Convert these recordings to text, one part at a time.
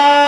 Oh!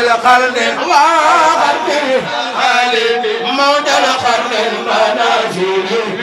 بالخلد وغرب الخالد موت الخلد المنازل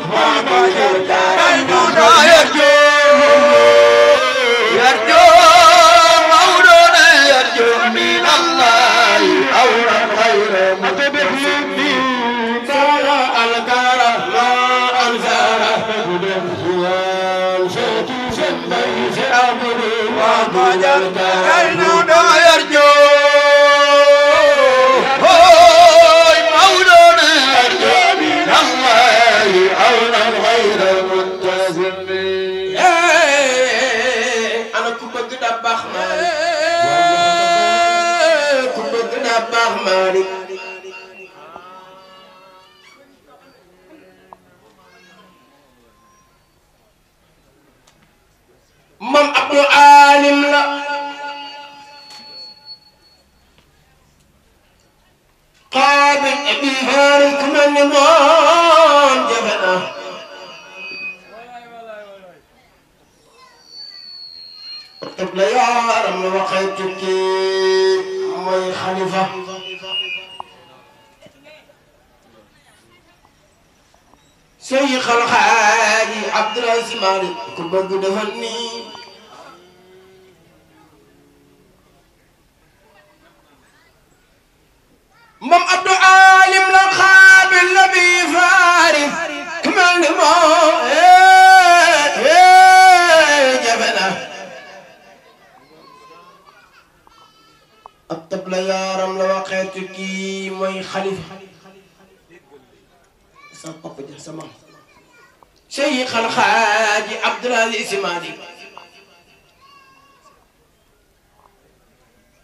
Mama, you're xalifa sama papa ja sama Cheikh Alxaaji Abdul Aziz Si Maadi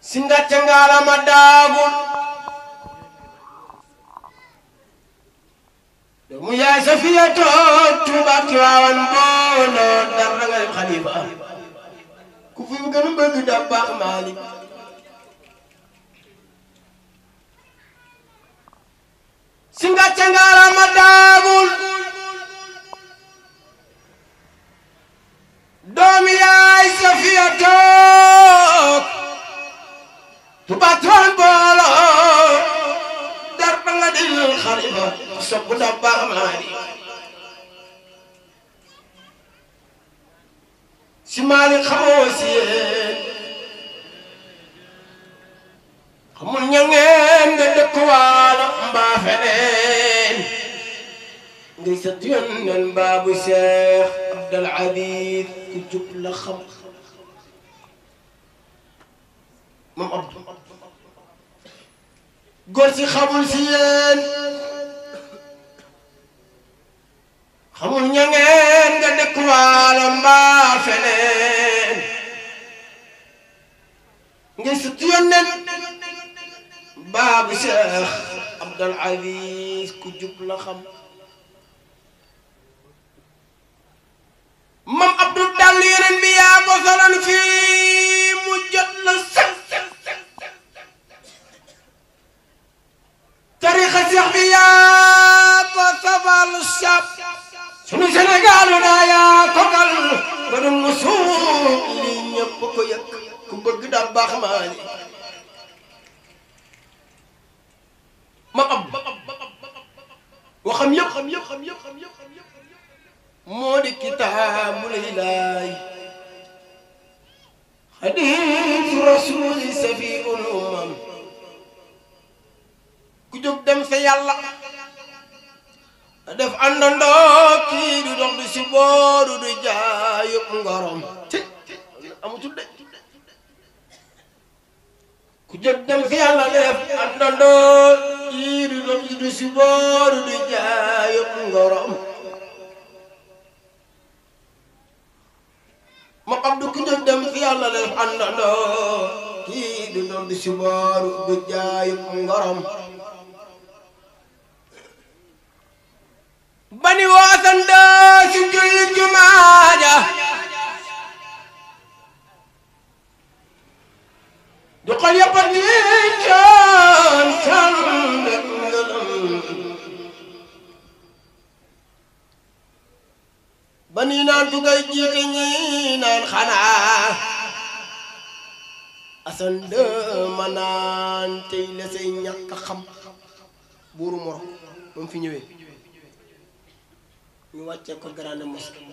si ngàcce ngaalama daagul doomu yaay Safiya toog Tuuba ki waawan booloo dara nga def xalifa ku fi gën a bëgg da baax Maalik si ngàcce ngaalaama daagul doomi yaay safiya toog tubatoon booloo dar ba nga dil xarifa soppu da baax maa di si maali xamoo si yéen xamul ña ngeen nga dëkkuwaay baaxe leen ngay sët yónneen baabu Cheikh Abdal Aziz ku jub la xam moom Abdou góor si xamul si yéen xamul ña ngeen nga dëkk waalo mbaa feneen ngay sët yónneen baabu Cheikh abdal aziz ku jub la xam mam abdul dal yeneen bi yaa ko solon fii mu jot la set tarixa seex bi yaa ko safal sab sunu sénégalu naa yaa ko kal ba dum suuf li ñëpp ko yëg ku bëgg daal baax maa ni ma am waxam yëpp xam yëpp xam yëpp xam yëpp xam yëpp moo di kitaabul ilaahi xadiisu rasuuli safiul umam ku jóg dem fa yàlla def àndandoo kii du dox du si booru du jaayub ngorom ci amutul de ku jóg dem fi yàlla def àndandoo yii du doom yi du si booru du jaayum ngorom ma xam ku jóg dem fi yàlla def àndandoo yii du doom du si booru du jaayum ngorom bani waasandoo si julli jumaaja doxal yëpp a nit yoon kan dem ngërëm ba nii naan du ngay jiite ñii naan xanaa asan de ma naan tey la say ñàkk xam buuru moro fi ñëwee ñu wàccee ko grande mosquée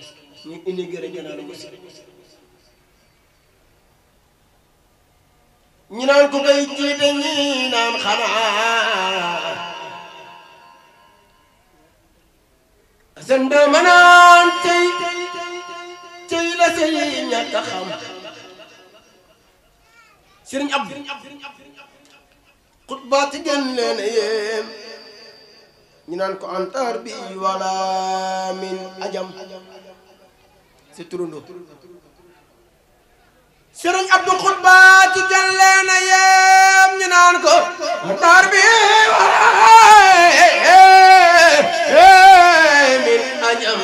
ñu inauguré grande mosquée ñi naan ku koy jiite ñi naan xanaa seen de manaan tey tey la sey ñàkk a xam sëriñ ab ñi naan ko antar bi wala min ajam si turundu sëriñ Abdou Khutba ci jàllee na yem ñu naan ko mu taar bi waraay min ajam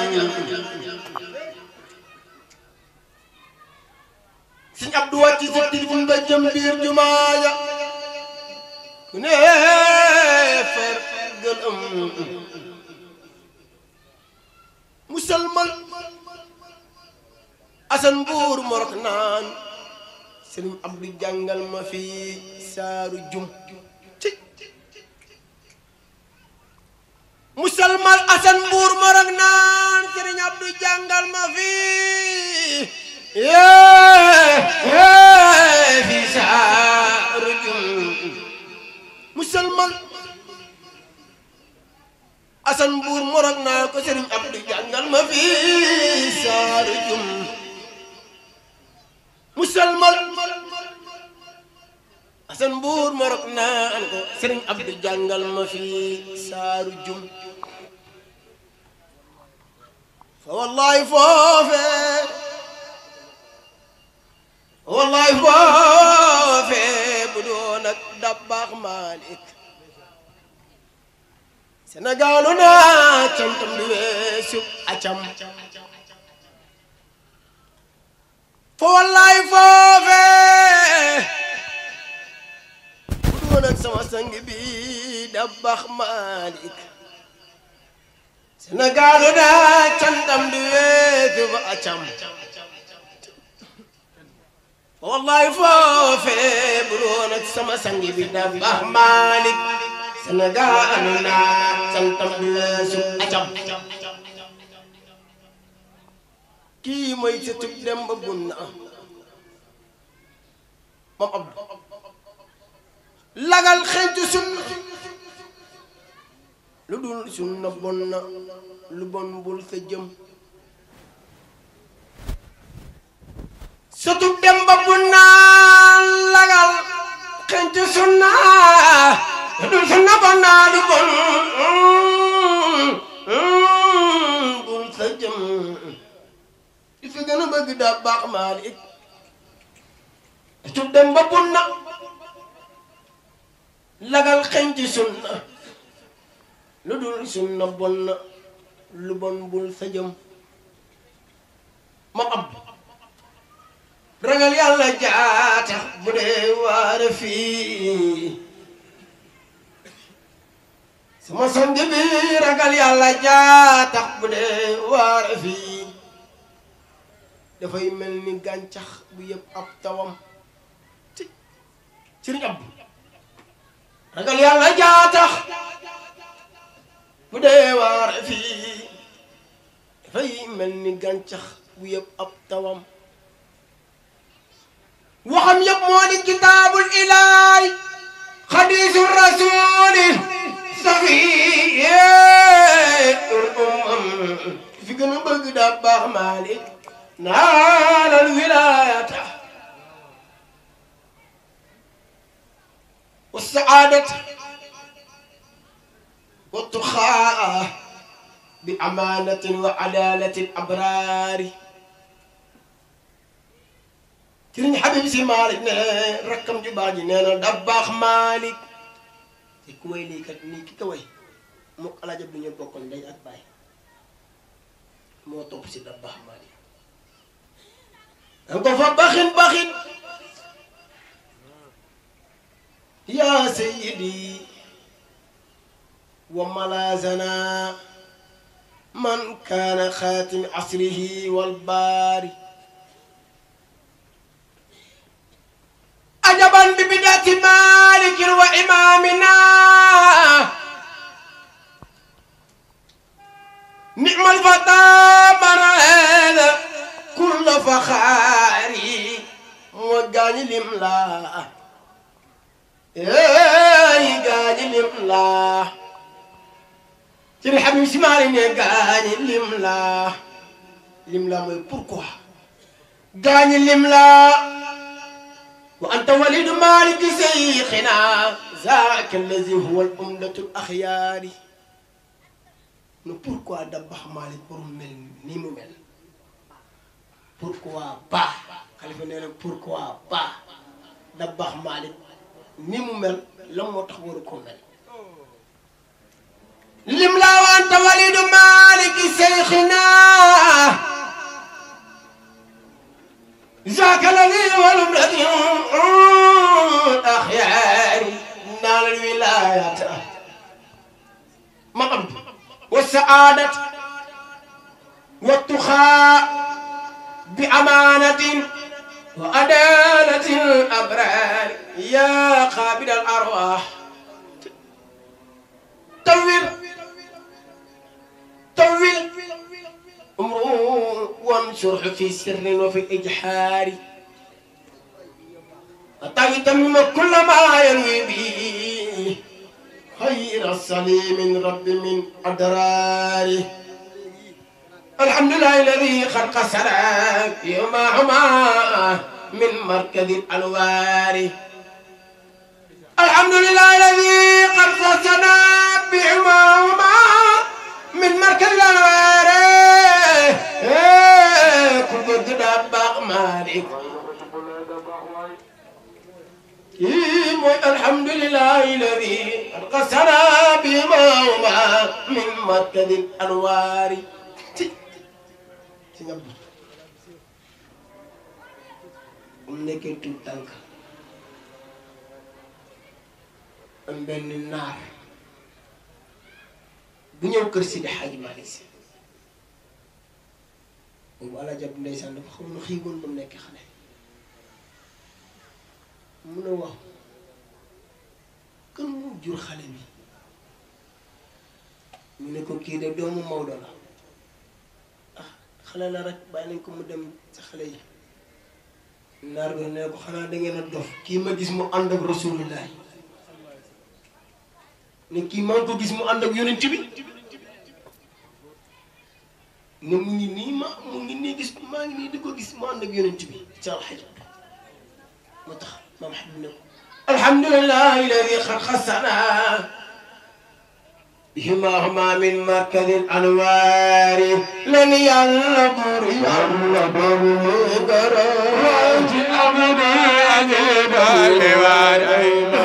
sëriñ Abdou wàcc ci tribune ba jëm biir jumaa ja ku ne fer gën am musalman asan buur morok naan sëriñ Abdou jàngal ma fii saaru jum ci musalmal asan mbuur ma rag naan sëriñ jàngal ma fii yee fii saaru saaru jum musalmal asan mbuur morok naan ko sëriñ abdu jàngal ma fii saaru jum fa wallahi foofe wallahi foofe bu doon ak dabbaax maalik sénégalu naa cantam du weesu acam fo wallaay foofe bu sama sang bi Dabakh Malick Sénégalu daa cantam di weesu ba acam fo foofe bu doon ak sama sang bi Dabakh Malick Sénégalu daa cantam di weesu acam kii mooy sëtub Demba Bun lagal xentu sunna lu dul sunna bon lu bon mm, bul sa jëm sëtub Demba Bun lagal xentu sunna lu dul sunna bon lu bon bul sa jëm fi gën a bëgg daa baax Malick tub dem ba bunna lagal xeñ ci sunna lu dul sunna bon na lu bon bul sa ma am ragal yàlla jaatax bu dee waare fii sama sonj bi ragal yàlla jaatax bu dee waare fii dafay mel ni gàncax bu yëpp ab tawam ci sëriñ ab ragal yàlla jaa tax bu dee waare fii dafay mel ni gàncax bu yëpp ab tawam waxam yëpp moo di kitaabul ilaay xadiisu rasuuli safiul umam fi gën a bëgg daa baax maalik نال الولاية والسعادة والتخاء بأمانة وعدالة الأبرار sëriñ Habib si Malick ne rakkam ju baax ji nee na dabbaax Malick te ku way léykat nii mu alaajab lu ñu bokkoon day ak bàyyi moo dafa baxin baxin yaa sayyidi wa malaazana man kaana xaatimi asrihi wal baari ajaban bi bidati malikin wa imamina ni'mal fata man hada kulla faxaari mooy gaañi lim laa eey gaañi lim laa ci bi Habib si maa ne gaañi lim laa lim laa mooy pourquoi gaañi lim laa wa anta walidu Maalik seyxina zaaka allazi huwa al umdatu al axyaari nu pourquoi da baax Maalik pour mel ni mu mel pourquoi pas xalifa nee na pourquoi pas da baax Malick ni mu mel la moo tax waru ko mel lim laa wanta walidu Malick seyxina zakalani walum radiun axyaari naal wilayata ma am wa saadat wa tuxaa بأمانة وعدالة الأبرار يا قابل الأرواح طول طول أمره وانشره في سر وفي إجحار حتى يتمم كل ما ينوي به خير الصليم من رب من أدراره الحمد لله الذي خلق السلام يومهما من مركز الأنوار الحمد لله الذي خلق السلام بيومهما من مركز الأنوار كل ذنب باق مالك الحمد لله الذي خلق السلام بيومهما من مركز الأنوار sëñ Abdou mu nekkee tuut tànk am benn naar bu ñëw kër Sidi Hadji Malick Sy boobu El Hadj Abdou ndeysaan dafa xam ne xiiwoon ba mu nekk xale mun a wax kan mu jur xale bi mu ne ko kii de doomu Maodo la xale la rek bàyyi nañ ko mu dem ci xale yi naar bi xanaa da a dof kii ma gis mu ànd ak rasulullah ne ngi mu ànd ak yonent mu ngi nii ma mu ngi nii gis maa ngi nii di ko gis mu ànd ak yonent bi ci alxaj moo tax maam xam ne ko alhamdulilah illadi xat xasana بهما من مركز الأنوار لن يلبر يلبر كراج أبدا أجيب الوار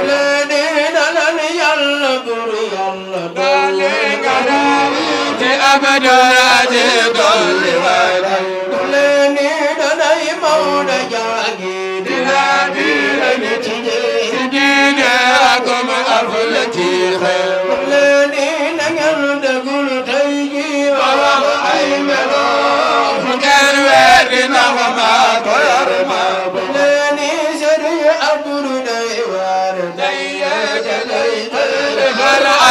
لدينا لن يلبر يلبر كراج أبدا أجيب الوار لدينا نيمون جاقيد لا دينا نتجي دينا أقوم أفلتي خير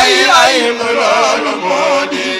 ay ay mu loolu moo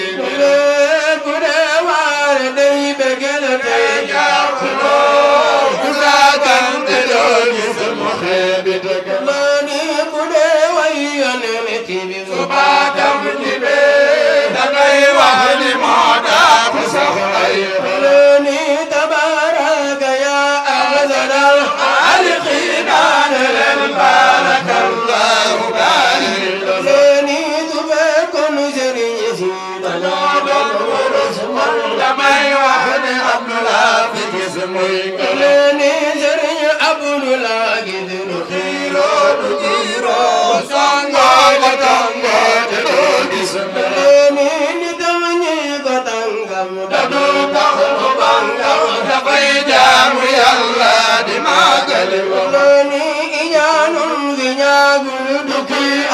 والله إيان ذناب لدك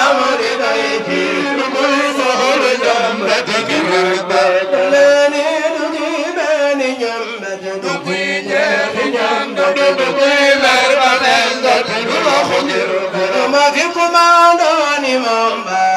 أمر بيتي لكل سهر جنبتك لاني لديبان جنبتك دقي جاخ جنبتك دقي مربع عزتك وخجر ما في قمان دون منبر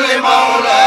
لمولاي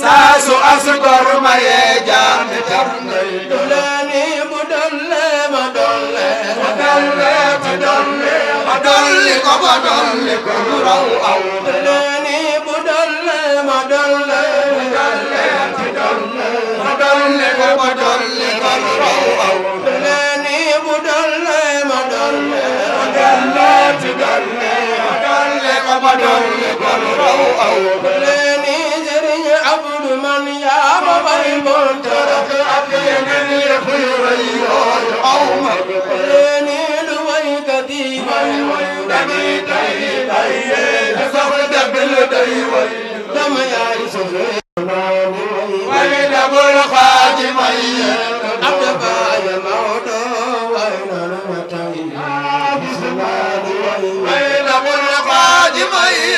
saa su as gor mayee jaar mi jar nay dolani mu dolle ma dolle ma dolle ma dolle ma dolli ko ma dolli ko lu raw aw dolani mu dolle ma dolle ma dolle ma dolle ma dolli ko ma dolli ko lu raw aw dolani mu dolle ma dolle ma dolle ma dolle ma dolle ko ma dolli ko lu raw aw dolani من يا مبين ترك أبيني خيري أو مبيني لويدتي ويدني تيدي سرد بلدي دم يا يوسف ويل بالخادم أبدا يا موت ويل المتين ويل بالخادم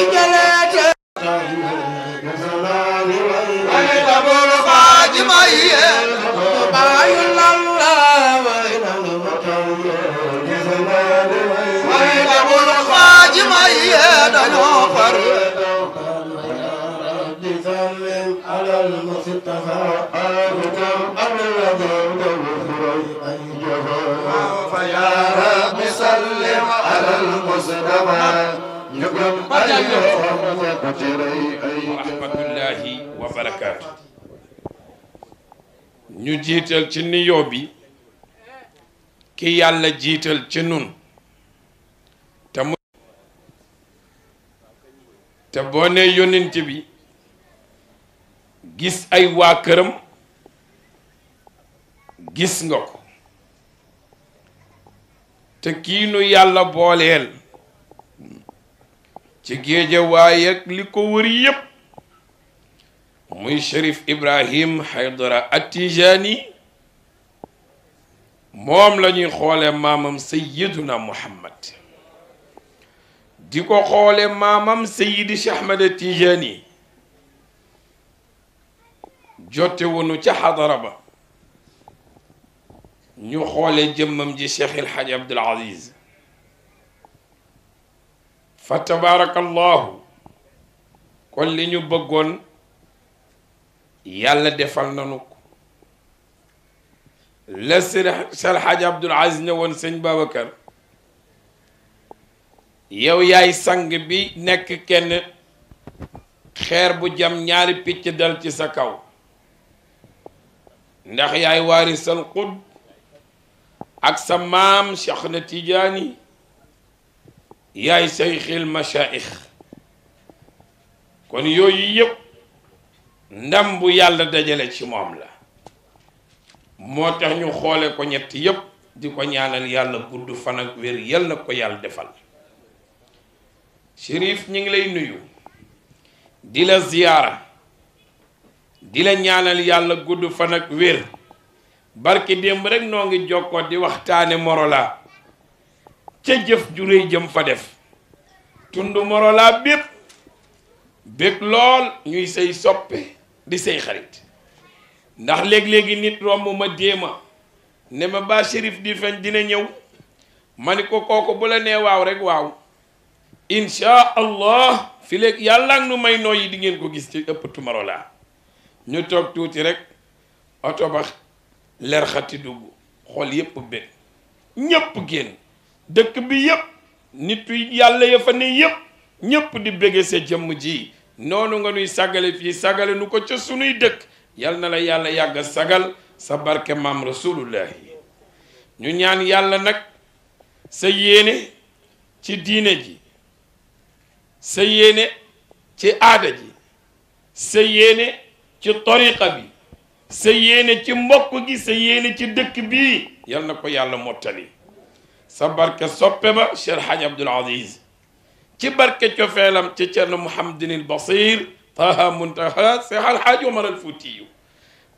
ستها آبكم أم الذين بخري أنجبا فيا رب سلم على المصطفى نقم أيهم وقتري ورحمة الله وبركاته ñu jiital ci nuyoo bi ki yàlla jiital ci nun te mu te boo nee yonent bi gis ay waa këram gis nga ko te kii nu yàlla booleel ci géeje waaye li ko wër yépp muy Cherif Ibrahim Haydara at moom la ñuy xoole maamam Sayyiduna Muhammad di ko xoole maamam Sayyidi Cheikh Ahmed jote wunu ca xadara ba ñu xoole jëmmam ji cheikh El Hadj Abdoul Aziz fa tabarakallahu kon li ñu bëggoon yàlla defal nanu ko la Cheikh El Hadj Abdoul Aziz ne woon sëñ Babacar yow yaay sang bi nekk kenn xeer bu jam ñaari picc dal ci sa kaw ndax yaay waarisal xud ak sa maam Cheikh na Tijaani yaay sayxil machaayix kon yooyu yëpp ndam bu yàlla dajale ci moom la moo tax ñu xoole ko ñett yëpp di ko ñaanal yàlla gudd fan ak wér yal ko yàlla defal Chérif ñu ngi lay nuyu di la ziyaara di la ñaanal yàlla gudd fan ak wér barki démb rek noo ngi jokkoo di waxtaane Morola ca jëf ju jëm fa def tund Morola bépp bég lool ñuy say soppe di say xarit ndax léeg-léegi nit romb ma déema ne ma ba shérif di feñ dina ñëw ma ni ko kooku bu la nee waaw rek waaw insha allah fi léegi yàlla ak nu may nooyi di ngeen ko gis ci ëpp Morola ñu toog tuuti rekk oto ba leer xati dugg xool yépp benn ñépp génn dëkk bi yépp nit yu yàlla ya fa ne yépp ñépp di bége sa jëmm ji noonu nga nuy sagale fii sagale nu ko ca sunuy dëkk yal na la yàlla yàgg sagal sa barke maam rasulullahi ñu ñaan yàlla nag sa yéene ci diine ji sa yéene ci aada ji sa yéene ci tariqa bi sa yéene ci mbokk gi sa yéene ci dëkk bi yal na ko yàlla mottali sa barke soppe ba Cheikh Hadj Abdoul ci barke cofeelam ci Cerno Mouhamadinil Basir Taha Muntaha Cheikh Al Hadj Omar Al Foutiyu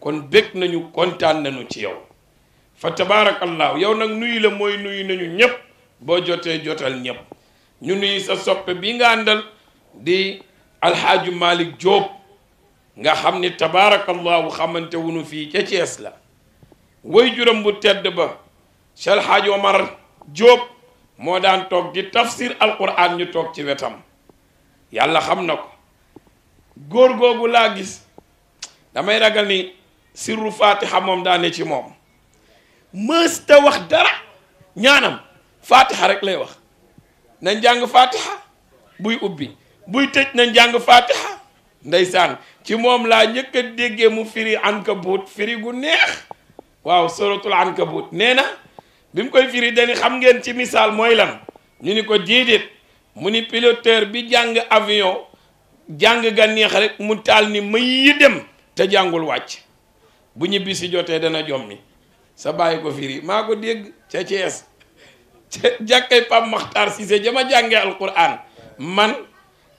kon bég nañu kontaan nañu ci yow fa tabarakallahu yow nag nuyu la mooy nuyu nañu ñëpp boo jotee jotal ñëpp ñu nuyu sa soppe bi nga àndal di alxaaju malik jóob nga xam ni tabaarakallahu xamante wunu fii ca Cees la way juram bu tedd ba Cheikh Hadj Omar jóob moo daan toog di tafsir alquran ñu toog ci wetam yàlla xam na ko góor googu laa gis damay ragal ni sirru fatiha moom daane ci moom mësta wax dara ñaanam fatiha rek lay wax nañ jàng fatiha buy ubbi buy tëj na njàng fatiha ndeysaan ci moom laa njëkk a déggee mu firi ankabut firi gu neex waaw suratul ankabut nee na bi mu koy firi dañi xam ngeen ci misaal mooy lan ñu ni ko déedéet mu ni piloteur bi jàng avion jàng ga neex rek mu taal ni ma yi dem te jàngul wàcc bu ñibbi si jotee dana jommi sa bàyyi ko firi maa ko dégg ca Cees ca jàkkay Pape Makhtar Cissé jama jàngee alquran man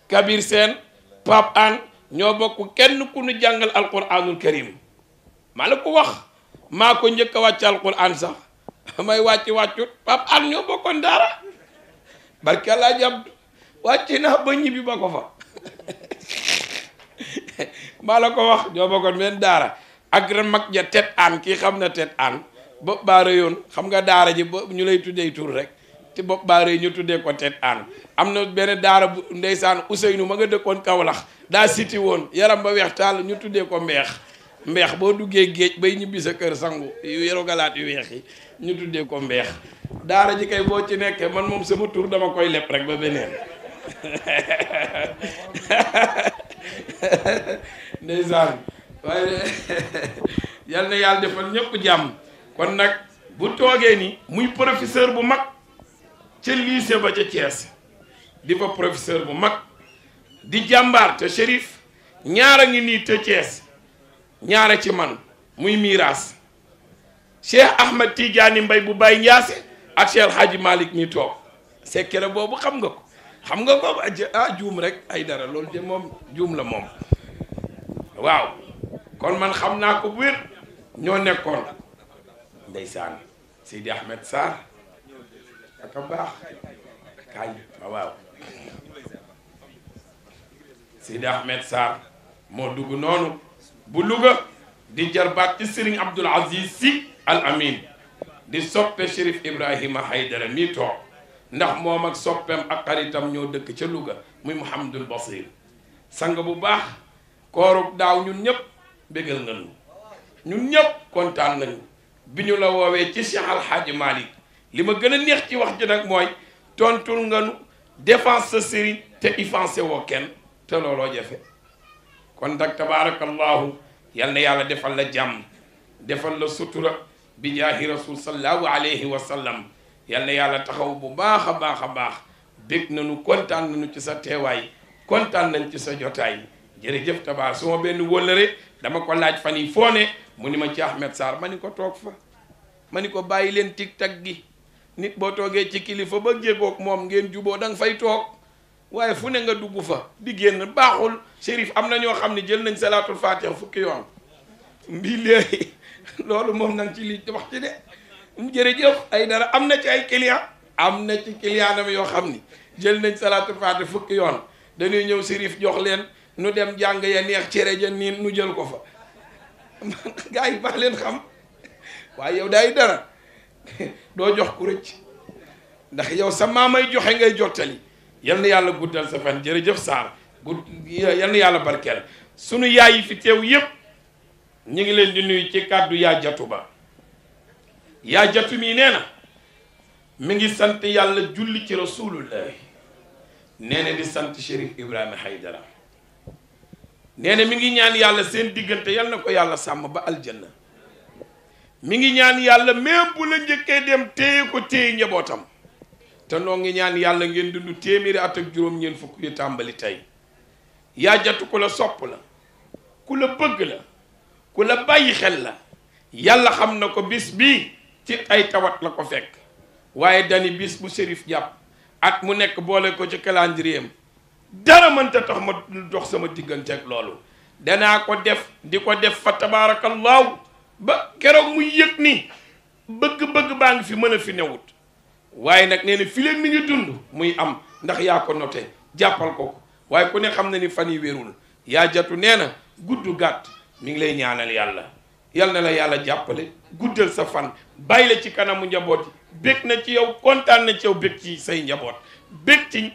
Kabir Sène Pape An ñoo bokk kenn ku nu jàngal alquranul karim maa la ko wax maa ko njëkk a wàcc alquran sax may wàcc wàccut pap an ñoo bokkoon daara barke laa jàpp wàcc naa ba ñibbi ba ko fa maa la ko wax ñoo bokkoon benn daara ak ren mag ja tet aan kii xam na tet aan ba baara yoon xam nga daara ji ba ñu lay tuddee tur rek te bopp baaree ñu tuddee ko tet aan am na benn daara bu ndeysaan Ousseynou ma nga dëkkoon Kaolack daa siti woon yaram ba weex taal ñu tuddee ko mbeex mbeex boo duggee géej bay ñibbi sa kër sangu yero galaat yu weex yi ñu tuddee ko mbeex daara ji kay boo ci nekkee man moom sama tur dama koy leb rek ba beneen ndeysaan waaye yal na yàlla defal ñëpp jàmm kon nag bu toogee nii muy professeur bu mag ca lycée ba ca Thiès di fa professeur bu mag di jàmbaar te Chérif ñaara ngi nii te Thiès ñaara ci man muy miiraas Cheikh Ahmed Tidiane Mbay bu Baye Ndiasse ak Cheikh Hadji Malick mi toog sekkere boobu xam nga ko xam nga ko ah, ah juum rek ay dara lool de moom juum la moom waaw kon man xam naa ko bu wér ñoo nekkoon ndeysaan Seydi Ahmed Sarr aka baax kaay waaw Sidi Ahmed Sarr moo dugg noonu bu Louga di jarbaat ci Serigne Abdoul Aziz Sy Al Amin di soppe Chérif Ibrahima Haydara mi toog ndax moom ak soppeem ak xaritam ñoo dëkk ca Louga muy Mouhamadul Basir sang bu baax kooruk daaw ñun ñëpp bégal nañu ñun ñëpp kontaan nañu bi ñu la woowee ci Cheikh Al Hadji Malick li ma gën a neex ci wax ji nag mooy tontul nga nu défense sa sëriñ te offensé woo kenn te looloo jafe kon nag tabaarakallaahu yal na yàlla defal la jàmm defal la sutura bi jaahi rasul sallallahu alayhi wa sallam yal na yàlla taxaw bu baax a baax a baax na nañu kontaan nu ci sa teewaay kontaan nañ ci sa jotaay jërëjëf tabaar su ma benn wëllëre dama ko laaj fan yi foo ne mu ni ma ci Ahmed Sarr ma ni ko toog fa ma ni ko bàyyi leen tig tag gi nit boo toogee ci kilifa ba jéegoog moom ngeen juboo danga fay toog waaye fu ne nga dugg fa di génn baaxul shérif am na ñoo xam ne jël nañ salaatul faatiha fukki yoon mbi léegi loolu moom nang ci li wax ci ay dara am na ci ay client am na ci clientam yoo xam ni jël nañ salaatul faatiha fukki yoon dañuy ñëw shérif jox leen nu dem jàng ya neex cere ja niin nu jël ko fa gars yi baax leen xam waaye yow day dara doo jox ku rëcc ndax yow sa maamay joxe ngay jottali yal na yàlla guddal sa fan jërëjëf Sarr gudd yal na yàlla barkeel sunu yaay yi fi teew yépp ñu ngi leen di nuyu ci kàddu yaa jatu ba yaa jatu mi nee na mu ngi sant yàlla julli ci rasulullahi nee na di sant Chérif Ibrahima Haydara nee na mi ngi ñaan yàlla seen diggante yal na ko yàlla sàmm ba aljanna mi ngi ñaan yàlla même bu la njëkkee dem téye ko téye njabootam te noo ngi ñaan yàlla ngeen dund téeméeri at ak juróom-ñeent fukk yu tàmbali tey yaa jatu ku la sopp la ku la bëgg la ku la bàyyi xel la yàlla xam na ko bis bi ci ay tawat la ko fekk waaye dani bis bu sérif jàpp at mu nekk boole ko ci calendrier am dara mënta tax ma dox sama diggante ak loolu danaa ko def di ko def fa tabaarakallaahu ba keroog mu yëg nii bëgg-bëgg baa ngi fi mën a fi newut waaye nag nee na fi leen mi ngi dund muy am ndax yaa ko noté jàppal ko ko waaye ku ne xam na ni fan yi wérul yaa jatu nee na guddu gàtt mu ngi lay ñaanal yàlla yal na la yàlla jàppale guddal sa fan bàyyi la ci kanamu njaboot yi bég na ci yow kontaan na ci yow bég ci say njaboot bég ci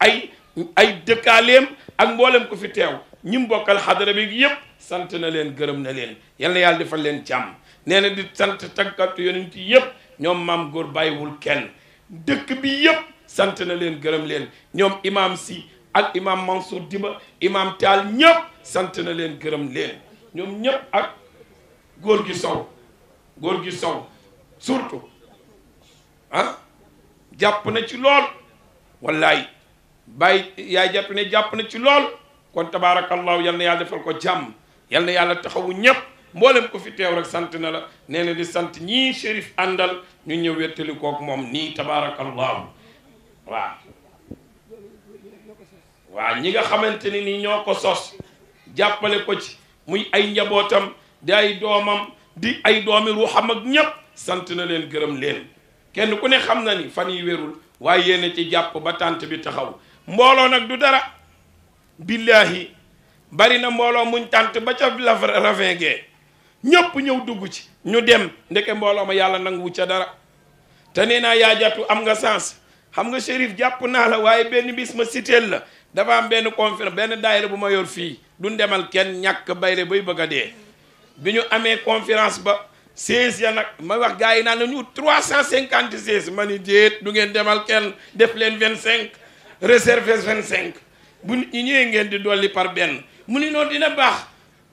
ay ay dëkkaaleem ak mboolem ko fi teew ñi mu bokkal xadara bi yëpp sant na leen gërëm na leen yal na yàlla defal leen jàmm nee na di sant tàggatu yonent yëpp ñoom maam góor bàyyiwul kenn dëkk bi yëpp sant na leen gërëm leen ñoom imaam si ak imaam Mansour Diba imaam Taal ñëpp sant na leen gërëm leen ñoom ñëpp ak góor gi sow góor gi sow surtout ah jàpp na ci lool wallaay bàyyi yaay jàpp ne jàpp na ci lool kon tabaarakallaahu yal na yàlla defal ko jàmm yal na yàlla taxawu ñépp mboolem ko fi teew rek sant na la nee na di sant ñii shérif àndal ñu ñëw wettali kook moom nii tabaarakallaahu waaw waaw ñi nga xamante ni nii ñoo ko sos jàppale ko ci muy ay njabootam di ay doomam di ay doomi ruuxam ak ñépp sant na leen gërëm leen kenn ku ne xam na ni fan yi wérul waaye yéen ci jàpp ba tànt bi taxaw mbooloo nag du dara billaahi bari na mbooloo mu tànt ba ca la ravin gee ñëpp ñëw dugg ci ñu dem ndeke mbooloo ma yàlla nanguwu ca dara te nee naa yaa am nga sens xam nga shérif jàpp naa la waaye benn bis ma siteel la dafa am benn conférence benn daayira bu ma yor fii duñ demal kenn ñàkk bayre bay bëgg a dee bi ñu amee conférence ba 16 ya nag ma wax gars yi naan na ñu 356 ma ni déet du ngeen demal kenn def leen 25 réservé 25 bu ñi ñëwee ngeen di dolli par benn mu ni noonu dina baax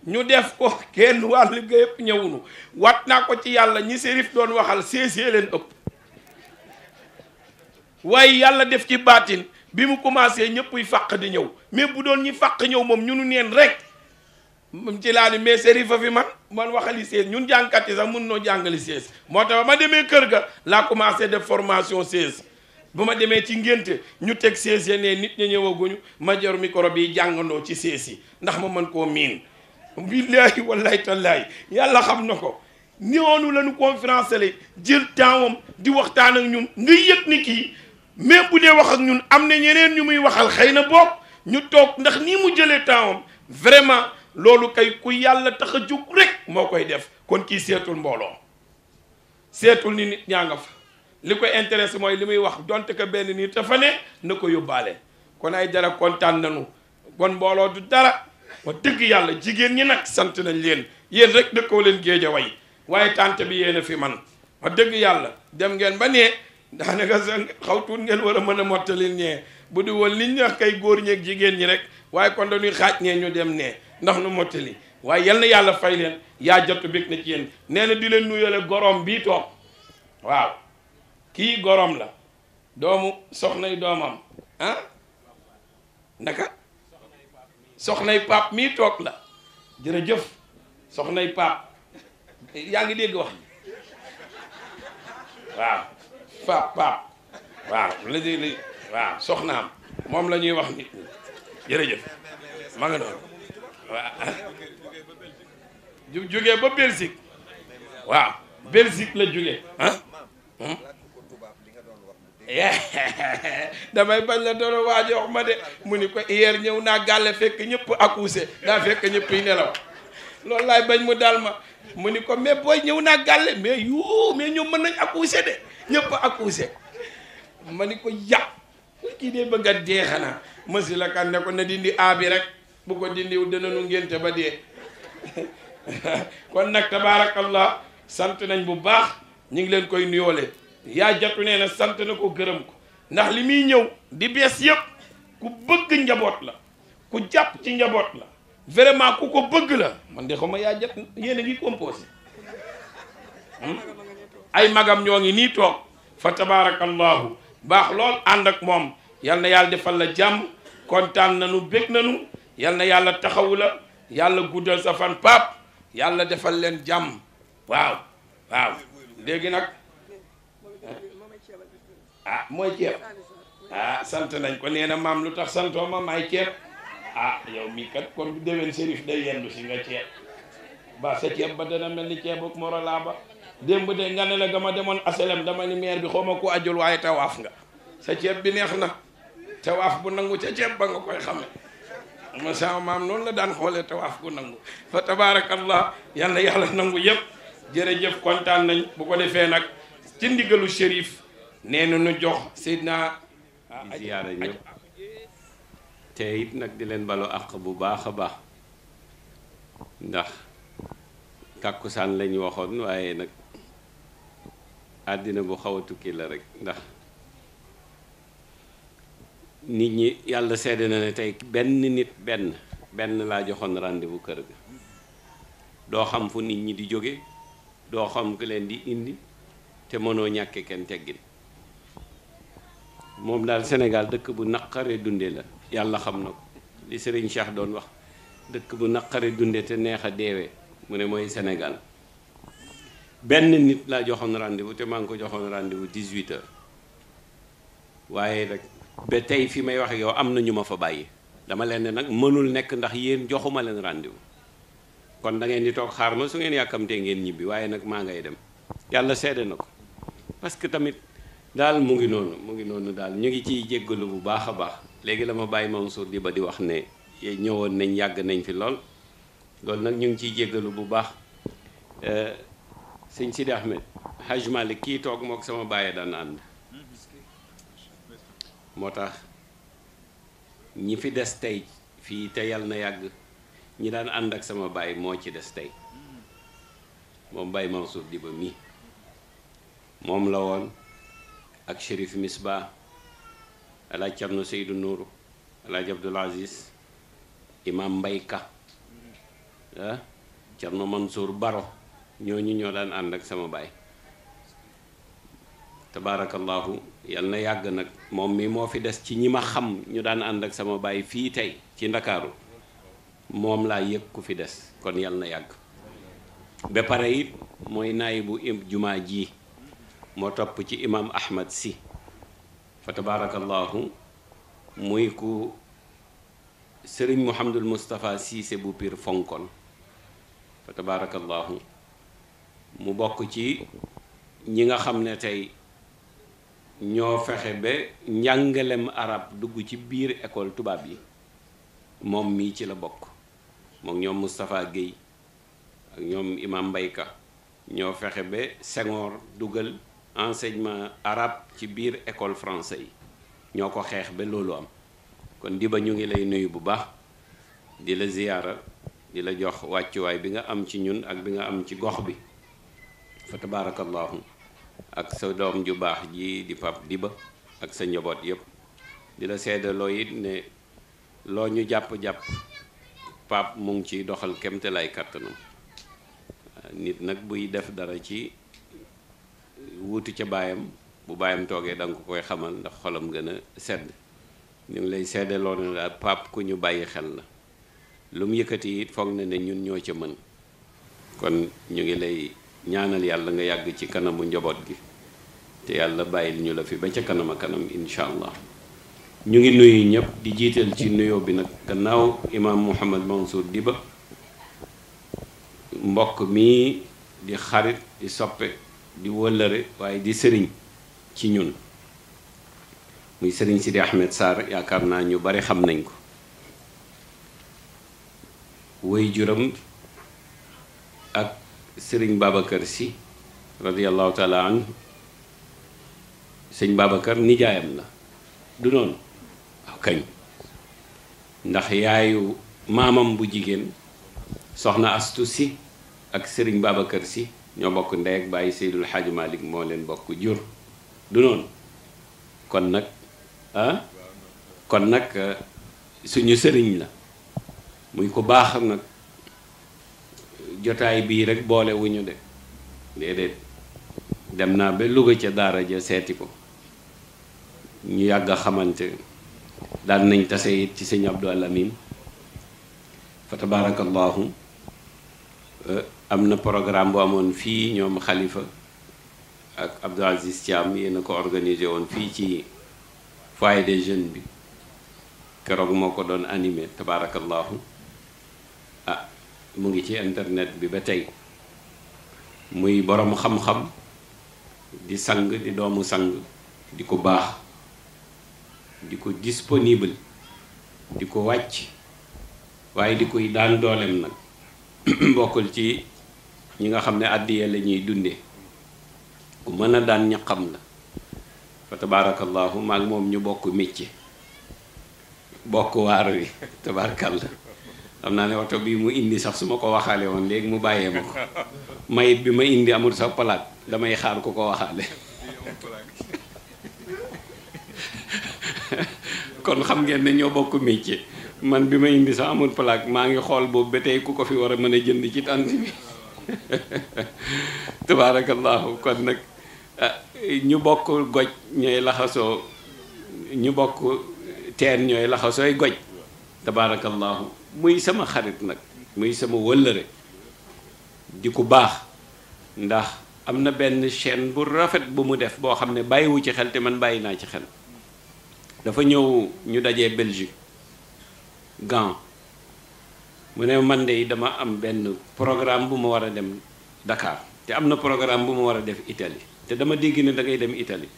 ñu def ko kenn wàll ga yëpp ñëwunu wat naa ko ci yàlla ñi sérif doon waxal séesee leen ëpp waaye yàlla def ci baatin bi mu commencé ñëppuy fàq di ñëw mais bu doon ñi fàq ñëw moom ñunu neen rek ci laa ni mais sérif a fi man man waxali sées ñun jàngkat yi sax mun noo jàngali sées moo tax ma demee kër ga laa commencé de formation sées bu ma demee ci ngénte ñu teg sées ya ne nit ña ñëwaguñu ma jor micro bi jàngandoo ci sées yi ndax ma mën koo miin billaahi wallaahi tallaahi yàlla xam na ko noonu lañu conférence la jël tempsam di waxtaan ak ñun nga yëg ni kii même bu dee wax ak ñun am na ñeneen ñu muy waxal xëy na boog ñu toog ndax nii mu jëlee tempsam vraiment loolu kay ku yàlla tax a jóg rek moo koy def kon kii seetul mbooloo seetul ni nit ñaa nga fa li ko intéressé mooy li muy wax donte que benn nii te fa ne na ko yóbbaale kon ay jara kontaan nañu kon mbooloo du dara wax dëgg yàlla jigéen ñi nag sant nañ leen yéen rek dëkkoo leen géej a waaye tànt bi yéen a fi man wax dëgg yàlla dem ngeen ba nee daanaka sa xaw tuut ngeen war mën a mottali nee bu di woon liñ wax kay góor ñeeg jigéen ñi rek waaye kon dañuy xaaj nee ñu dem nee ndax nu mottali waaye yal na yàlla fay leen yaa jot bég na ci yéen nee na di leen nuyale gorom bii toog waaw kii gorom la doomu soxnay doomam ah naka soxnay pap mii toog la jërëjëf soxnay pap yaa ngi dégg wax waaw pap pap waaw la dégg waaw soxnaam moom la ñuy wax ni jërëjëf ma nga noonu waaw ba Belgique waaw Belgique la jógee ah hmm? damay bañ la doon waaj ma de mu ni ko hier ñëw naa gàlle fekk ñëpp accouché daa fekk ñëpp yi nelaw loolu laay bañ mu dal mu ni ko mais booy ñëw naa gàlle mais yoo mais ñoom mën nañ accouché de ñëpp accouché ma ni ko yàq kii dee bëgg a dee la kan ne ko dindi a bi rek bu ko dindiwul danañu ngénte ba dee kon nag tabaarakallah sant nañ bu baax ñu ngi leen koy nuyoole yaa jatu nee na sant na ko gërëm ko ndax li muy ñëw di bees yëpp ku bëgg njaboot la ku jàpp ci njaboot la vraiment ku ko bëgg la man de xaw ma yaa jat yéen a ngi hmm? ay magam ñoo ngi nii toog fa tabarakallahu baax lool ànd ak moom yal na yàlla defal la jàmm kontaan nanu bég nanu yal na yàlla taxawu yàlla guddal sa fan paap yàlla defal leen jàmm waaw waaw léegi nag ah mooy ceeb ah sant nañ ko nee na maam lu tax santoo ma maay ceeb ah yow mii kat kon bu déwén sérif day yendu si nga ceeb ba sa ceeb ba dana mel ni ceeb ak morolaa ba démb de nga ne la gama demoon aselem dama ni maire bi xaw ma ko ajul waaye tawaaf nga sa ceeb bi neex na tawaaf bu nangu ca ceeb ba nga koy xame ma sama maam noonu la daan xoolee tawaaf bu nangu fa tabaarakallah yal na yàlla nangu yëpp jërëjëf kontaan nañ bu ko defee nag ci ndigalu shérif nee na nu jox Seydina di ziyaara ñëpp te it nag di leen balu àq bu baax a baax ndax tàkkusaan lañu waxoon waaye nag àddina bu xaw a tukki la rek ndax nit ñi yàlla sedd na ne tey benn nit benn benn laa joxoon rendez-vous kër ga doo xam fu nit ñi di jóge doo xam ku leen di indi te mënoo ñàkke kenn teggin moom daal Sénégal dëkk bu naqaree dunde la yàlla xam na ko li Serigne Cheikh doon wax dëkk bu naqaree dunde te neex a deewee mu ne mooy Sénégal benn nit laa joxoon rendez-vous te maa ngi ko joxoon rendez-vous 18 heures waaye rek ba tey fi may wax yow am na ñu ma fa bàyyi dama leen ne nag mënul nekk ndax yéen joxuma leen rendez kon da ngeen di toog xaar ma su ngeen yàkkamtee ngeen ñibbi waaye nag maa ngay dem yàlla seede na ko parce tamit. daal mu ngi noonu mu ngi noonu daal ñu ngi ciy jéggalu bu baax a baax léegi la ma bàyyi Mansour di ba di wax ne ñëwoon nañ yàgg nañ fi lool loolu nag ñu ngi ciy jéggalu bu baax euh, sëñ Sidi Ahmed Haj Malik kii toog mook sama bàyyi daan ànd moo tax ñi fi des tey fii te yàlla na yàgg ñi daan ànd ak sama baay moo ci des tey moom Baye Mansour Diba mii moom la woon ak shérif misba alaaj carno seydu nuuru alaaj abdul aziz imam mbayka carno ah, mansour baro ñoo ñu ñoo daan ànd ak sama baay tabaarakallaahu yal na yàgg nag moom mi moo fi des ci ñi ma xam ñu daan ànd ak sama baay fii tey ci ndakaaru moom laa yëg ku fi des kon yal na yàgg ba pare mooy naay bu im jumaa ji moo topp ci imaam ahmad si fa tabaarakallaahu muy ku sëriñ muhammadul moustapha siise bu piir fonkon fa tabaarakallaahu mu bokk ci ñi nga xam ne tey ñoo fexe ba njàngalem arab dugg ci biir école tubaab yi moom mii ci la bokk moom ñoom moustapha guèye ak ñoom imam mbayka ñoo fexe ba sengoor dugal enseignement arabe ci biir école français yi ñoo ko xeex ba loolu am kon di ba ñu ngi lay nuyu bu baax di la ziyaara di la jox wàccuwaay bi nga am ci ñun ak bi nga am ci gox bi fa tabaarakallaahu ak sa doom ju baax ji di pap di ba ak sa njaboot yépp di la sedd seedaloo it ne loo ñu jàpp-jàpp pap mu ngi ciy doxal kemte lay kàttanam nit nag buy def dara ci wutu ca baayam bu baayam toogee da ko koy xamal ndax xolam gën a sedd ñu ngi lay seddaloo ne la pap ku ñu bàyyi xel la lu mu yëkkati it foog na ne ñun ñoo ca mën kon ñu ngi lay ñaanal yàlla nga yàgg ci kanamu njaboot gi te yàlla bàyyil ñu la fi ba ca kanam a kanam incha allah ñu ngi nuyu ñëpp di jiital ci nuyoo bi nag gannaaw imaam Mouhamed di ba mbokk mi di xarit di soppe di wëllëre waaye di sëriñ ci ñun muy sëriñ si Sidi Ahmed Sarr yaakaar naa ñu bari xam nañ ko way juram ak sëriñ Babacar si radiallahu taala anhu sëñ Babacar nijaayam la du noonu kañ ndax yaayu maamam bu jigéen soxna astu si ak sëriñ Babacar si ñoo bokk ndey ak bàyyi Seydul Xaaju Malik moo leen bokk jur du noonu kon nag ah kon nag ah, suñu sëriñ la muy ko baax nag jotaay bii rek boole wu ñu de déedéet dem naa ba Louga ca daara ja seeti ko ñu yàgg a xamante daan nañ tase it ci sëñ Abdou Al fa tabaarakallaahu ah, am na programme bu amoon fii ñoom xalifa ak Abdou Aziz Thiam yéen a ko organisé woon fii ci foyer des jeunes bi keroog moo ko doon animé tabaarakallahu ah mu ngi ci internet bi ba tey muy boroom xam-xam di sang di doomu sang di ko baax di ko disponible di ko wàcc waaye di koy daan dooleem nag bokkul ci ñi nga xam ne àddiya la ñuy dunde ku mën a daan ñaqam la fa tabaarakallaahu maag moom ñu bokk métier bokk waar wi tabaarakallaa xam naa ne oto bii mu indi sax su ma ko waxaale woon léegi mu bàyyee ma ko mayit bi ma indi amul sax palaat damay xaar ku ko waxaale kon xam ngeen ne ñoo bokk métier man bi ma indi sax amul plaque maa ngi xool boobu ba tey ku ko fi war a mën a jënd ci tànt bi tabaarakallaahu kon nag ah, ñu bokk goj ñooy laxasoo ñu bokk teen ñooy laxasooy goj tabaarakallaahu muy sama xarit nag muy sama wëllëre di ku baax ndax am na benn chaîne bu rafet bu mu def boo xam ne bàyyiwu ci xel te man bàyyi naa ci xel dafa ñëw ñu dajee Belgique Gand mu ne man de dama am benn programme bu ma war a dem Dakar te am na programme bu ma war a def Italie te dama dégg ne da ngay dem itali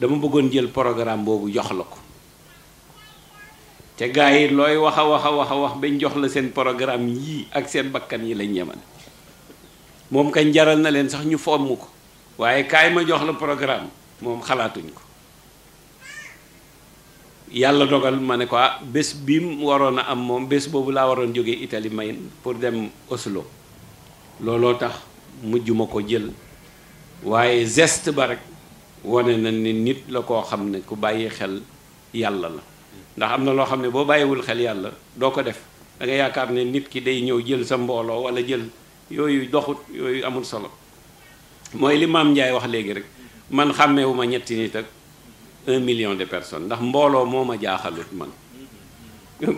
dama bëggoon jël programme boobu jox la ko te gars yi looy wax a wax a wax bañ jox la seen programme yii ak seen bakkan yi lañ yemal moom kañ jaral na leen sax ñu fomm ko waaye kaay ma jox la programme moom xalaatuñ ko yàlla dogal ma ne ko ah bés bii mu waroon a am moom bés boobu laa waroon jóge itali mayin pour dem Oslo looloo tax mujjuma ko jël waaye geste ba rek wane na ni nit la koo xam ne ku bàyyi xel yàlla la ndax am na loo xam ne boo bàyyiwul xel yàlla doo ko def da nga yaakaar ne nit ki day ñëw jël sa mbooloo wala jël yooyu doxut yooyu amul solo mooy li maam Njaay wax léegi rek man xàmmeewuma ñetti nit ak un million de personnes ndax mbooloo moo ma jaaxalut man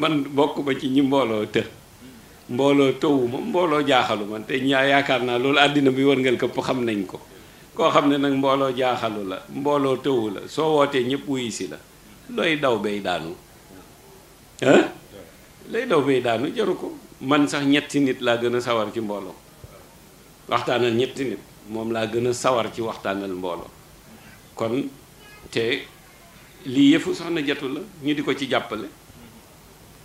man bokk ma ci ñi mbooloo të mbooloo tëwu ma mbooloo jaaxalu man te ñaa yaakaar naa loolu àddina bi wërngal këpp xam nañ ko koo xam ne nag mbooloo jaaxalu la mbooloo tëwu la soo wootee ñëpp wuyu si la looy daw bay daanu ah lay daw bay daanu jaru ko man sax ñetti nit laa gën a sawar ci mbooloo waxtaanal ñetti nit moom laa gën a sawar ci waxtaanal mbooloo kon te lii yëfu soxna jatu la ñu di ko ci jàppale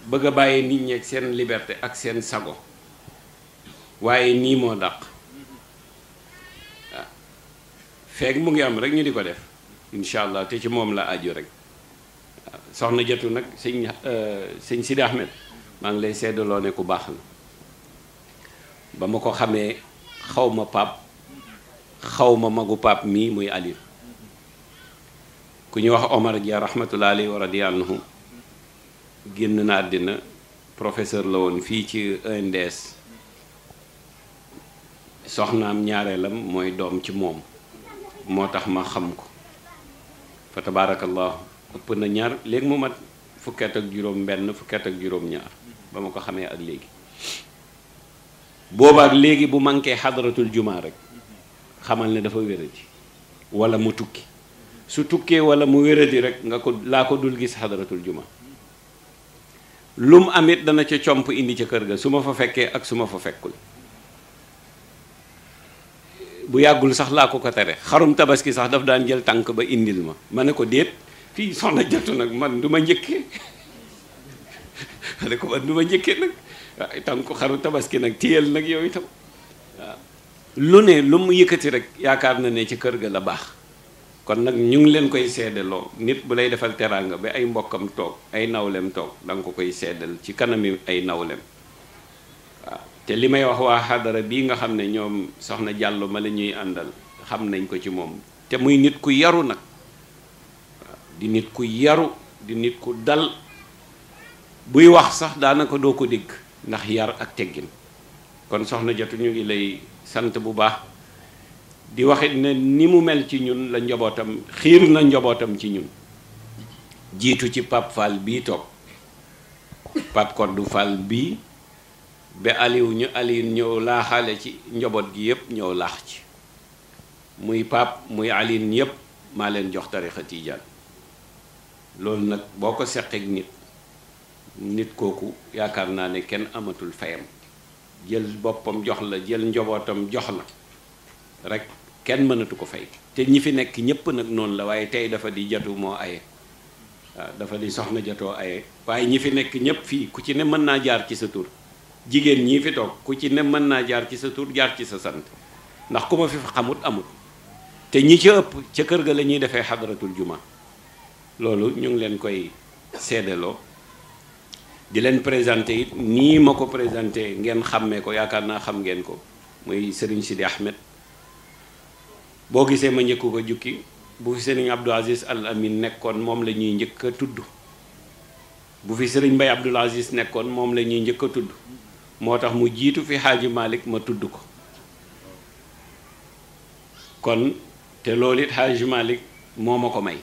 bëgg a bàyyi nit ñi ak seen liberté ak seen sago waaye nii moo daq feek mu ngi am rek ñu di ko def incha allah te ci moom la aju rek waaw soxna jatu nag sëñ euh, sëñ Sidi Ahmed maa ngi lay seddaloo ne ku baax la ba ma ko xamee xaw ma pap xaw ma magu pap mii muy Aliou ku ñu wax Omar Dia rahmatullah alayhi wa radiya anhu génn na àddina professeur la woon fii ci ENDS soxnaam ñaareelam mooy doom ci moom moo tax ma xam ko fa tabarakallahu ëpp na ñaar léegi mu mat fukket ak juróom benn fukket ak juróom ñaar ba ma ko xamee ak léegi boobaak léegi bu manqué xadaratul jumaa rek xamal ne dafa wéradi walla mu tukki su tukkee wala mu wéradi rek nga ko laa ko dul gis xadaratul juma lum amit dana ca comp indi ca kër ga su ma fa fekkee ak su ma fa fekkul bu yàggul sax laa ko ko tere xarum tabaski sax daf daan jël tànk ba indil ma ma ne ko déet fii soxna jotu nag man du ma njëkkee ma ne ko man du tànku xaru tabaski nag téyel nag yow itam lu ne lu mu yëkkati rek yaakaar na ne ci kër ga la baax kon nag ñu ngi leen koy seddaloo nit bu lay defal teraanga ba ay mbokkam toog ay nawlem toog danga ko koy seddal ci kanami ay nawlem waaw te li may wax waa xadara bii nga xam ne ñoom soxna Jàllo ma la ñuy àndal xam nañ ko ci moom te muy nit ku yaru nag di nit ku yaru di nit ku dal buy wax sax daanaka doo ko dégg ndax yar ak teggin kon soxna jotu ñu ngi lay sant bu baax di waxit na ni mu mel ci ñun la njobootam xiir na njobootam ci ñun jiitu ci Pape Fall bii toog Pape Koddu Fall bii ba Aliou ñu Aliou ñëw laaxaale ci njoboot gi yépp ñëw laax ci muy Pape muy Aliou yépp maa leen jox tarixa Tijaan loolu nag boo ko seqeek nit nit kooku yaakaar naa ne kenn amatul fayam jël boppam jox la jël njobootam jox la rek kenn mënatu ko fay te ñi fi nekk ñépp nag noonu la waaye tey dafa di jatu moo aye waaw dafa di soxna jatoo aye waaye ñi fi nekk ñépp fii ku ci ne mën naa jaar ci sa tur jigéen ñii fi toog ku ci ne mën naa jaar ci sa tur jaar ci sa sant ndax ku ma fi xamut amut te ñi ci ëpp ca kër ga la ñuy defee xadratul juma loolu ñu ngi leen koy seddaloo di leen présenté it nii ma ko présenté ngeen xàmmee ko yaakaar naa xam ngeen ko muy Serigne Sidi Ahmed boo gisee ma njëkku ko jukki bu fi sëriñ Abdou Aziz Al Amin nekkoon moom la ñuy njëkk a tudd bu fi sëriñ Mbaye Abdou Aziz nekkoon moom la ñuy njëkk a tudd moo tax mu jiitu fi xaaji Malick ma tudd ko kon te loolu it xaaji Malick moo ma ko may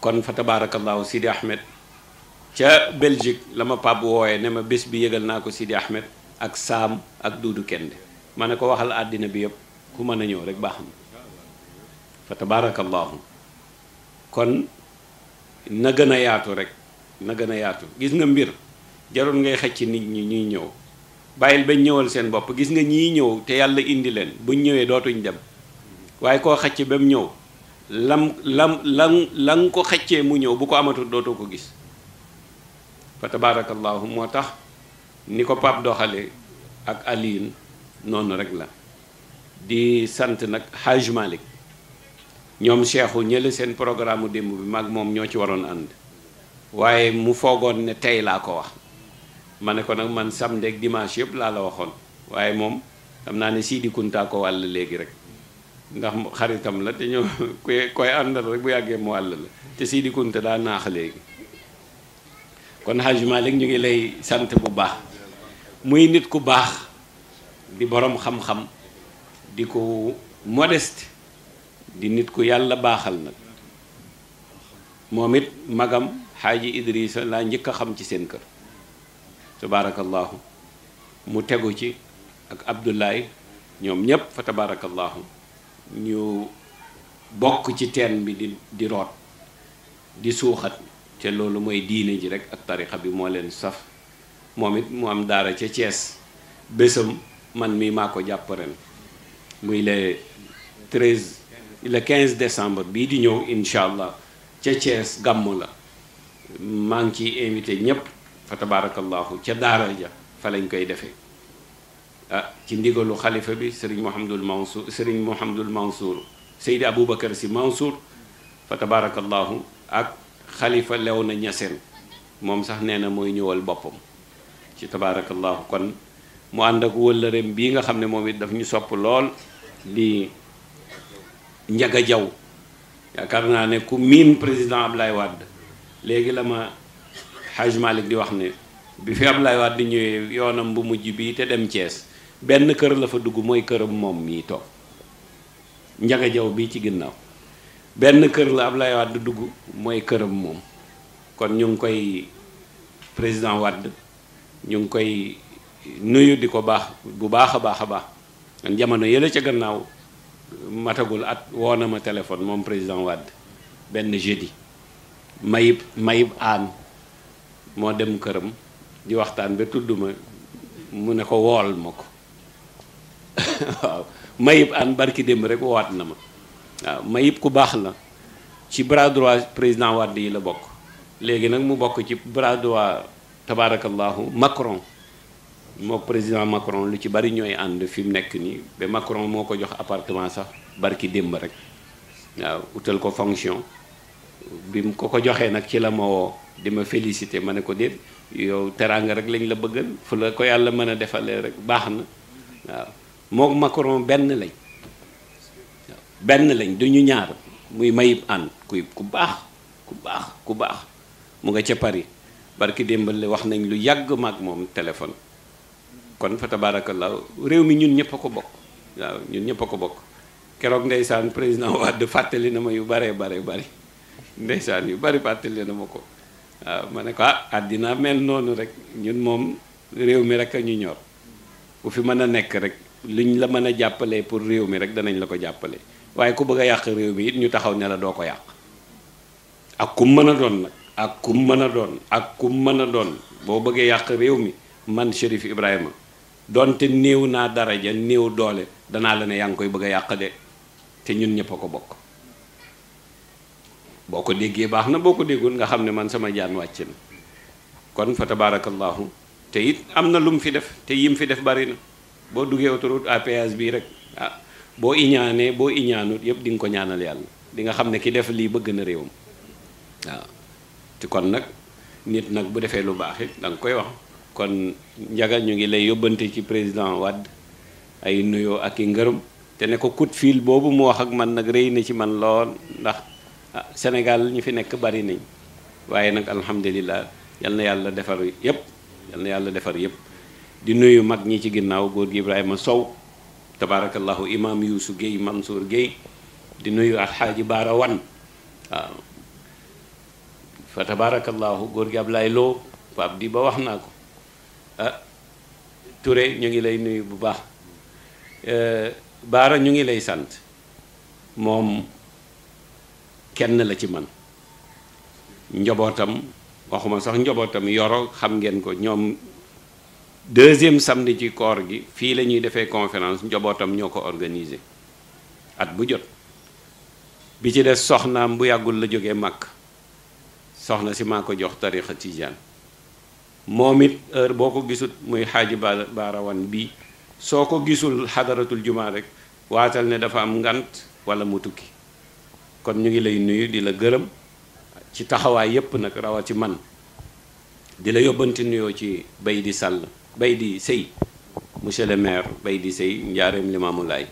kon fa tabaarakallaahu Sidi Ahmed ca Belgique la ma pàpp wooye ne ma bés bi yëgal naa ko Sidi Ahmed ak Saam ak Duudu Kende ma ne ko waxal àddina bi yëpp ku mën a ñëw rek baax na fa tabaarakallaahu kon na gën a yaatu rek na gën a yaatu gis nga mbir jarul ngay xëcc nit ñi ñuy ñëw bàyyil bañ ñëwal seen bopp gis nga ñii ñëw te yàlla indi leen buñ ñëwee dootuñ dem waaye koo xëcc ba mu ñëw lam lam lan la nga ko xëccee mu ñëw bu ko amatul dootoo ko gis fa tabaarakallaahu moo tax ni ko Pape doxale ak Aline noonu rek la di sant nag Haj ñoom Cheikhou ñële seen programme démb bi mag moom ñoo ci waroon ànd waaye mu foogoon ne tey laa ko wax ma ne ko nag man samedi ak dimanche yëpp laa la waxoon waaye moom xam naa ne Sidi Kunta wàll léegi rek ndax xaritam la te ñoo koy koy àndal rek bu yàggee mu wàll la te Sidi daa naax léegi kon Haj ñu ngi lay sant bu baax muy nit ku baax di boroom xam-xam di ko modeste di nit ku yàlla baaxal nag moom it magam xaaji Idrissa laa njëkk a xam ci seen kër tabaarakallaahu mu tegu ci ak Abdoulaye ñoom ñépp fa tabaarakallaahu ñu bokk ci teen bi di di root di suuxat te loolu mooy diine ji rek ak tarixa bi moo leen saf moom it mu am daara ca Cees bésam man mii maa ko jàpp muy le 13 le 15 décembre bii di ñëw incha allah ca Thiès gàmmu la maa ngi ciy invité ñépp fa tabarakallahu ca daara ja fa lañ koy defee ah ci ndigalu xalifa bi sëriñ Mouhamadul Mansour sëriñ Mouhamadul Mansour Seydi Aboubacar si Mansour fa tabarakallahu ak xalifa lew na ñaseen moom sax nee na mooy ñëwal boppam ci tabarakallahu kon mu ànd ak wëllëreem bii nga xam ne moom it dafa ñu sopp lool di njaga jaw yaakaar naa ne ku miin président lay Wade léegi la ma Haj Malick di wax ne bi fi Ablaye Wade di ñëwee yoonam bu mujj bii te dem Thiès benn kër la fa dugg mooy këram moom mii toog njaga jaw bii ci ginnaaw benn kër la lay Wade dugg mooy këram moom kon ñu ngi koy président Wade ñu ngi koy nuyu di ko baax bu baax a baax a baax man jamono yële ca gannaaw matagul at woo na ma téléphone moom président Wade benn jeudi mayib mayib aan moo dem këram di waxtaan ba tudd ma mu ne ko wool ma ko waaw mayib aan barki démb rek wowaat na ma waaw mayib ku baax la ci bras droit président Wade yi la bokk léegi nag mu bokk ci bras droit tabaarakallaahu Macron mook président Macron lu ci bari ñooy ànd fi mu nekk nii ba Macron moo ko jox appartement sax barki démb rek waaw utal ko fonction bi mu ko ko joxee nag ci la ma woo di ma félicité ma ne ko déet yow teraanga rek lañ la bëggal fu la ko yàlla mën a defalee rek baax na waaw mook Macron benn lañ waaw benn lañ du ñu ñaar muy Mayib Anne kuy ku baax ku baax ku baax mu nga ca Paris barki démb la wax nañ lu yàgg maag moom téléphone kon fa la réew mi ñun ñëpp a ko bokk waaw ñun ñëpp a ko bokk keroog ndeysaan président Wade fàttali na ma yu baree bare bari ndeysaan yu bari fàttali na ma ko waaw ma ne ko ah àddina mel noonu rek ñun moom réew mi rek a ñu ñor ku fi mën a nekk rek luñ la mën a jàppalee pour réew mi rek danañ la ko jàppale waaye ku bëgg a yàq réew mi it ñu taxaw ne la doo ko yàq ak kum mën a doon nag ak kum mën a doon ak kum mën a doon boo bëggee yàq réew mi man Chérif Ibrahima donte néew naa daraja néew doole danaa la ne yaa ngi koy bëgg a yàq de te ñun ñëpp a ko bokk boo ko déggee baax na boo ko déggul nga xam ne man sama jaan wàcc na kon fa tabaarakallaahu te it am na lu mu fi def te yi mu fi def bari na boo duggee autoroute à péage bii rek ah boo iñaanee boo iñaanut yëpp di nga ko ñaanal yàlla di nga xam ne ki def lii bëgg na réewam waaw te kon nag nit nag bu defee lu baaxi danga koy wax kon njaga ñu ngi lay yóbbante ci président Wade ay nuyoo ak i ngërëm te ne ko coup de boobu mu wax ak man nag rëy na ci man lool ndax ah, Sénégal ñu fi nekk bari nañ waaye nag alhamdulilah yal yàlla defar yépp yal yàlla defar yépp di nuyu mag ñi ci ginnaaw góor gi Ibrahima Sow tabaarakallahu imam Youssou Guèye Mansour géey di nuyu alxaaji Baara Wan waaw fa tabaarakallahu góor gi Ablaye Lo Pape di ba wax naa ko ah Touré ñu ngi lay nuyu bu baax eh, Baara ñu ngi lay sant moom kenn la ci man njobootam waxuma sax njobootam yoro xam ngeen ko ñoom deuxième samedi ci koor gi fii la ñuy defee conférence njobootam ñoo ko organisé at bu jot bi ci des soxnaam bu yàggul la jógee màkk soxna si maa ko jox tarixa tijaan moom it heure boo ko gisul muy xaaji baarawan bii soo ko gisul xadaratul jumaa rek waatal ne dafa am ngant wala mu tukki kon ñu ngi lay nuyu di la gërëm ci taxawaay yépp nag rawati man di la yóbbanti nuyoo ci bay di sàll bay di sëy monsieur le maire bay di sëy njaareem limaamu laay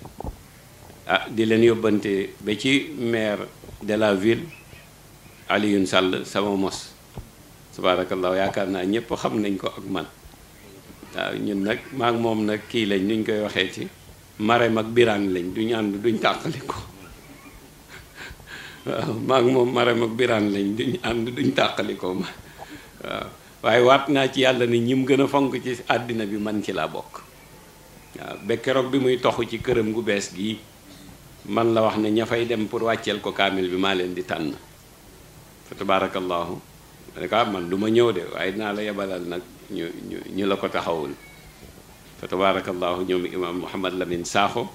ah di leen yóbbante ba ci maire de la ville Alioune Sall sama mos tabaarakallaahu yaakaar naa ñëpp xam nañ ko ak man waaw ñun nag maak moom nag kii lañ nuñ koy waxee ci Marème ak Birane lañ duñ ànd duñ tàqali ko waaw maak moom Marème ak Birane lañ duñ ànd duñ tàqali ko waaye waat naa ci yàlla ni ñim gën a fonk ci àddina bi man ci laa bokk waaw ba keroog bi muy toxu ci këram gu bees gii man la wax ne ña fay dem pour wàcceel ko kaamil bi maa leen di tànn fa tabaarakallaahu ma ne ah, man du ma ñëw de waaye dinaa la yebalal nag ñu ñu ñu la ko taxawul fa tabaarakallaahu ñoom imaam Mouhamad Lamine Sakho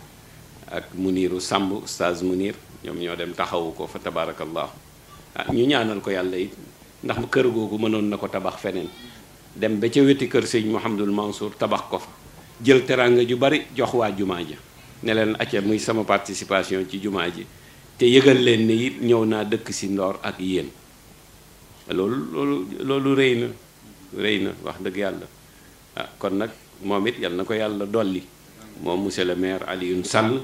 ak mu Muniru Samb Oustaz Munir ñoom ñoo dem taxawu ko fa tabaarakallaahu ah ñu ñaanal ko yàlla it ndax kër googu mënoon na ko tabax feneen dem ba ca weti kër sëñ Mouhamadul Mansour tabax ko fa jël teraanga ju bari jox waa jumaa ja ne leen acca muy sama participation ci jumaa ji te yëgal leen ne ñëw naa dëkk si ndoor ak yéen loolu loolu loolu rëy na rëy na wax dëgg yàlla ah kon nag moom it yal na ko yàlla dolli moom monsieur le maire Alioune Sall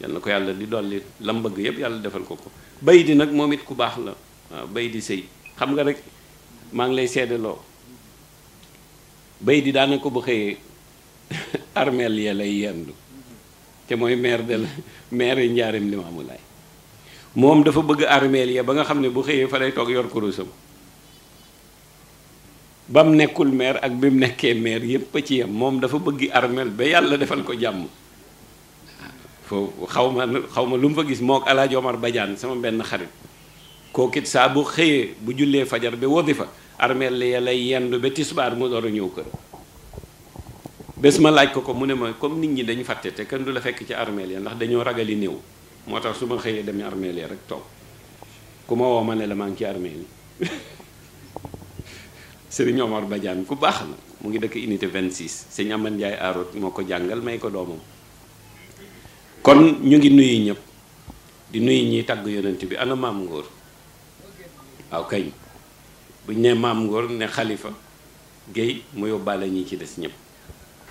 yal na ko yàlla di dolli lam bëgg yëpp yàlla defal ko ko bay di nag moom it ku baax la waaw ah, bay di sëy xam nga rek maa ngi lay seddaloo bay di daanaka bu xëyee armeel ya lay yendu te mooy meer de la maire njaarim Limaamulaay moom dafa bëgg armeel ya ba nga xam ne bu xëyee fa lay toog yor kurusam ba mu nekkul maire ak bi mu nekkee maire yépp ci yem moom dafa bëgg armel ba yàlla defal ko jàmm foofu xaw ma xaw ma lu mu fa gis moo ak Alaaji Omar Badiane sama benn xarit kookit saa bu xëyee bu jullee fajar bi wodi fa armeel la lay yendu ba tisbaar mu door a ñëw kër bés ma laaj ko ko mu ne ma comme nit ñi dañu fàtte te kenn du la fekk ci armel ya ndax dañoo ragali néew moo tax su ma xëyee dem armel ya rek toog ku ma woo ma la maa ngi ci armel yi sëriñ Omar Badiane ku baax la mu ngi dëkk unité 26 sëñ Amane Ndiaye Aroot moo ko jàngal may ko doomam kon ñu ngi nuyu ñëpp di nuyu ñiy tàgg yonent bi ana maam ngóor waaw kañ buñ ne maam ngóor ne xalifa géy mu yóbbaale ñi ci des ñëpp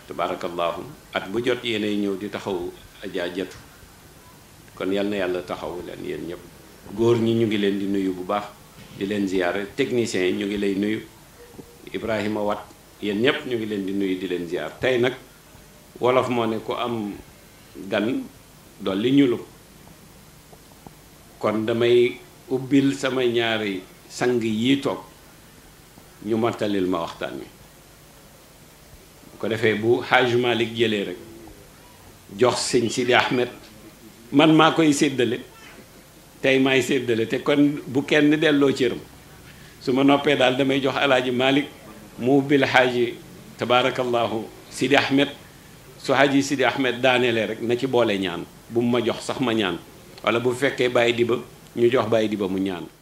tabaarakallaahu at bu jot yéenay ñëw di taxaw ajaa kon yal na yàlla taxaw leen yéen ñëpp góor ñi ñu ngi leen di nuyu bu baax di leen ziyaare techniciens yi ñu ngi lay nuyu Ibrahima Wat yéen ñëpp ñu ngi leen di nuyu di leen ziar tey nag wolof moo ne ku am gan dolli ñulu kon damay ubbil sama ñaari sang yi toog ñu mottalil ma waxtaan wi bu ko defee bu Hajj Malick jëlee rek jox sëñ Sidi Ahmed man maa koy séddale tey maay séddale te kon bu kenn delloo cëram su ma noppee daal damay jox alaaji Malick mu ubbil xaaji tabaarakallaahu Sidi Ahmed su xaaji Sidi Ahmed daanelee rek na ci boole ñaan bu mu ma jox sax ma ñaan wala bu fekkee bàyyi diba ñu jox bàyyi diba mu ñaan